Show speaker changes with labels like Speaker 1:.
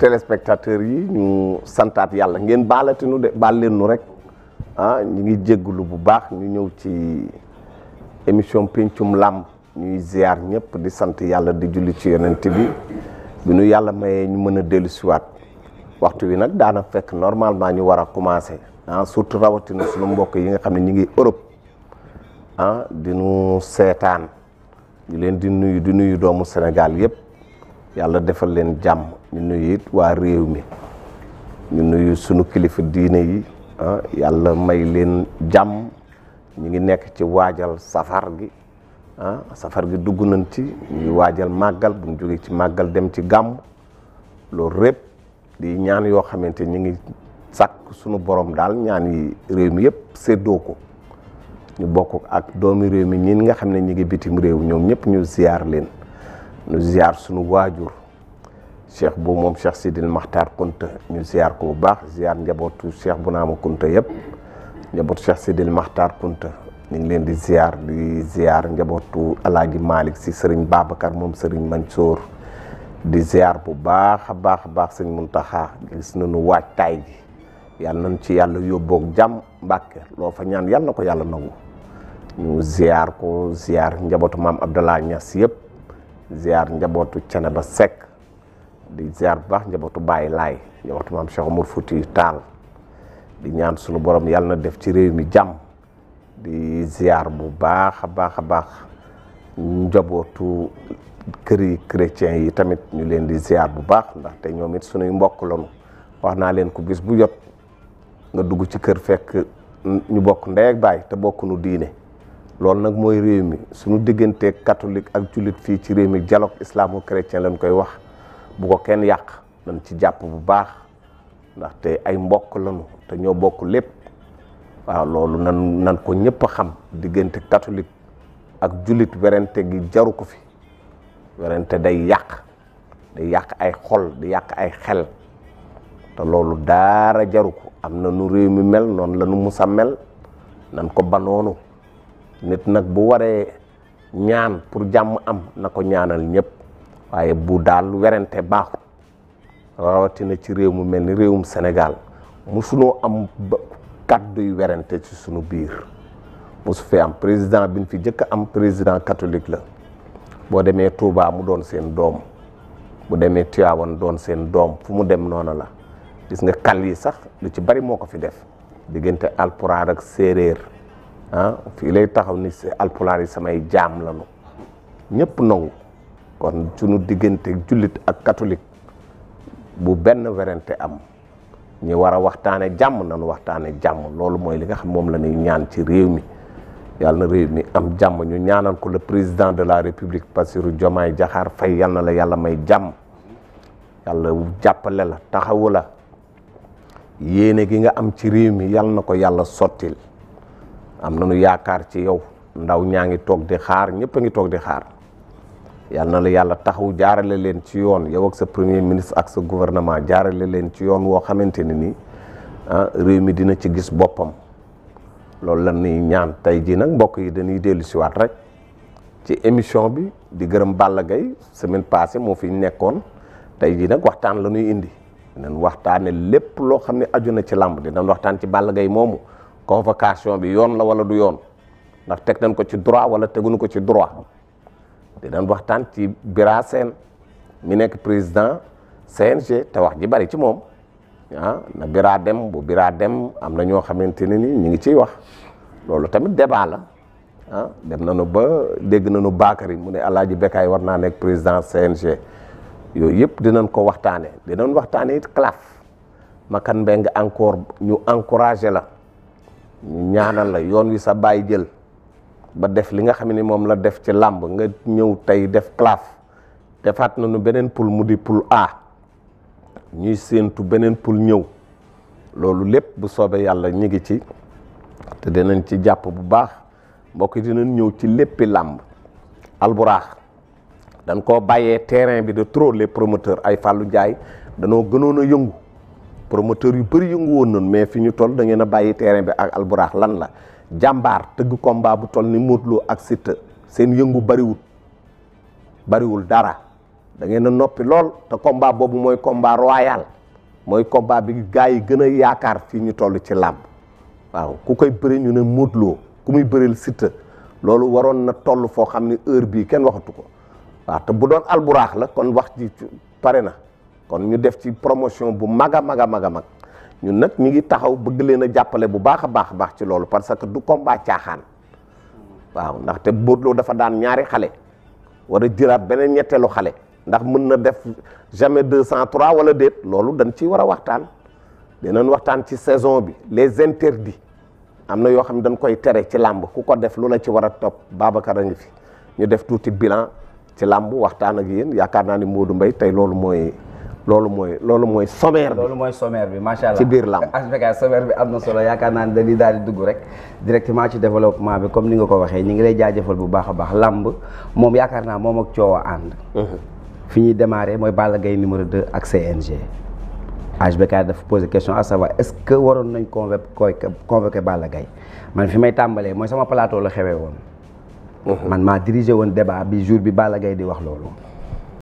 Speaker 1: téléspectateurs yi ñu santaat yàlla ngeen baalati nu de baal leen rek ah ñu ngi jéggulu bu baax ñu ñëw ci émission pencum làmb ñuy ziar ñëpp di sant yàlla di julli ci yonent bi bi nu yàlla mayee ñu mën a dellu siwaat waxtu wi nag daana fekk normalement ñu war a commencé ah surtout rawatina sunu mbokk yi nga xam ne ñu ngi Europe ah di nu seetaan ñu leen di nuyu di nuyu doomu Sénégal yëpp yàlla defal leen jàmm ñu nuyu it waa réew mi ñu nuyu sunu kilifa diine yi ah yàlla may leen jàmm ñu ngi nekk ci waajal safar gi ah safar gi dugg nañ ci ñu ngi waajal màggal bu ñu jógee ci màggal dem ci gàmm loolu répp di ñaan yoo xamante ñu ngi sàkk sunu borom daal ñaan yi réew mi yëpp séddoo ko ñu bokk ak doomi réew mi ñin nga xam ne ñu ngi bitim réew ñoom ñëpp ñu ziar leen ñu ziar sunu waajur cheikh bu moom cheikh Sidil Maxtaar Kunta ñu ziar ko bu baax ziar njabootu cheikh bu naama Kunta yëpp njabootu cheikh Sidil Maxtaar Kunta ñu ngi leen di ziar di ziar njabootu alaaji Malick si sëriñ Babacar moom sëriñ Mansour di ziar bu baax a baax a baax sëñ Muntaxa gis nañu waaj taay gi ci yàlla yóbboog jàmm Mbàkke loo fa ñaan yàlla na ko yàlla nangu ñu ziar njabootu maam Abdallah Niass yëpp ziar njabootu Ceneba Seck di ziar bu baax njabootu Baye Laay njabootu maam Cheikh Oumar Fouti Taal di ñaan sunu borom yàlla na def ci réew mi jàmm di ziar bu baax a baax a baax njabootu kër chrétien yi tamit ñu leen di ziar bu baax ndaxte ñoom it sunuy mbokk lañu wax naa leen ko bis bu jot nga dugg ci kër fekk ñu bokk ndey ak baay te bokkuñu diine loolu nag mooy réew mi suñu digganteeg catholique ak jullit fii ci réew mi dialogue islamo chrétien lañ koy wax bu ko kenn yàq dañ ci jàpp bu baax ndaxte ay mbokk lañu te ñoo lépp waaw loolu nan nan ko ñëpp a xam diggante catholique ak jullit werante gi jaru ko fi werante day yàq day yàq ay xol di yàq ay xel te loolu daara jaru ko am na nu réew mi mel noon lanu nu musa mel nan ko banoonu nit nag bu waree ñaan pour jàmm am na ko ñaanal ñëpp waaye bu daal werante baaxut rawatina ci réew mu mel ni réewum Sénégal musunoo am kàddu yu werante ci sunu biir musu fi am président bi fi njëkk am président catholique la boo demee Touba mu doon seen doom mu demee Tivaouane doon seen doom fu mu dem noonu la gis nga kal yi sax lu ci bari moo ko fi def diggante alpulaar ak séeréer ah fii lay taxaw ni alpulaar yi samay jaam lañu ñëpp nangu kon sunu diggante jullit ak catholique bu benn werante am ñi war a waxtaane jàmm nañu waxtaane jàmm loolu mooy li nga xam moom la ñuy ñaan ci réew mi yàlla na réew mi am jàmm ñu ñaanal ko le président de la république Bassirou Diomaye Diakhar fay yàlla na la yàlla may jàmm yàlla jàppale la taxawu la yéene gi nga am ci réew mi yàlla na ko yàlla sottil am nañu yaakaar ci yow ndaw ñaa ngi toog di xaar ñëpp a ngi toog di xaar yal na la yàlla taxaw jaarale leen ci yoon yow ak sa premier ministre ak sa gouvernement jaarale leen ci yoon woo xamante ne nii ah, réew mi dina ci gis boppam loolu la ñuy ñaan tey jii nag mbokk yi dañuy dellu si waat rek ci émission bi di gërëm Balla Gaye semaine passée moo fi nekkoon tey jii nag waxtaan la ñuy indi dinañ waxtaane lépp loo xam ne aju na ci làmb dinañ waxtaan ci Balla gay moomu convocation bi yoon la wala du yoon ndax teg nañ ko ci droit wala teguñu ko ci droit di daan waxtaan ci Bira Sène mi nekk président CNG te wax ji bari ci moom ah na Bira dem bu Bira dem am na ñoo xamante ne ni ñu ngi ciy wax loolu tamit débat la ah dem nañu ba dégg nañu Bakary mu ne Alaaji Bekaay war naa nekk président CNG yooyu yëpp dinañ ko waxtaanee dinañ waxtaanee it CLAF Makan Mbeng encore ñu encouragé la ñu ñaanal la yoon wi sa bàyyi jël. ba def li nga xam ni moom la def ci làmb nga ñëw tey def claf defaat nañu beneen poule mu di poule A ñuy séentu beneen poule ñëw loolu lépp bu soobee yàlla ñu ngi ci te dinañ ci jàpp bu baax mbokk yi dinañ ñëw ci léppi làmb alburaax dañ koo bàyyee terrain bi de trop les promoteurs ay Fallou Ndiaye danoo gënoon a yëngu promoteurs yu bëri yëngu woon noonu mais fi ñu toll da ngeen a bàyyi terrain bi ak alburaax lan la jàmbaar tëgg combat bu toll ni Modou ak Siteu seen yëngu bariwul bariwul dara da ngeen a noppi lool te combat boobu mooy combat royal mooy combat bi gaa yi gën a yaakaar fii ñu toll ci làmb waaw ku koy bëri ñu ne Modou Lo ku muy bëril Siteu loolu waroon na toll foo xam ne heure bii kenn waxatu ko waaw te bu doon alburaax la kon wax ji pare na kon ñu def ci promotion bu mag a mag a mag a mag ñun nag ñu ngi taxaw bëgg leen a jàppale bu baax a baax baax ci loolu parce que du combat caaxaan waaw ndaxte Modou dafa daan ñaari xale war a jëlaat beneen ñetteelu xale ndax mën na def jamais deux cent trois wala déet loolu dañ ciy war a waxtaan dinañ waxtaan ci saison bi les interdits am na yoo xam ne dañ koy tere ci làmb ku ko def lu la ci war a topp Babacar a fi ñu def tuuti bilan ci làmb waxtaan ak yéen yaakaar naa ni Modou Mbaye tey loolu mooy loolu mooy loolu mooy sommaire bi loolu mooy sommaire bi macha allah ci biir làmb HBK sommaire bi am na solo yaakaar naa ne dañuy daal di dugg rek directement ci développement bi comme ni nga ko waxee ñu ngi lay jaajëfal bu baax a baax làmb moom yaakaar naa moom ak coow a ànd. Mhm. fi ñuy démarrer mooy Balla gay numéro de ak CNG. HBK dafa posé question à savoir est-ce que waroon nañ convoqué convoqué Balla Gaye man fi may tàmbalee mooy sama plateau la xewee woon. Mhm. man maa dirigé woon débat bi jour bi Balla Gaye di wax loolu.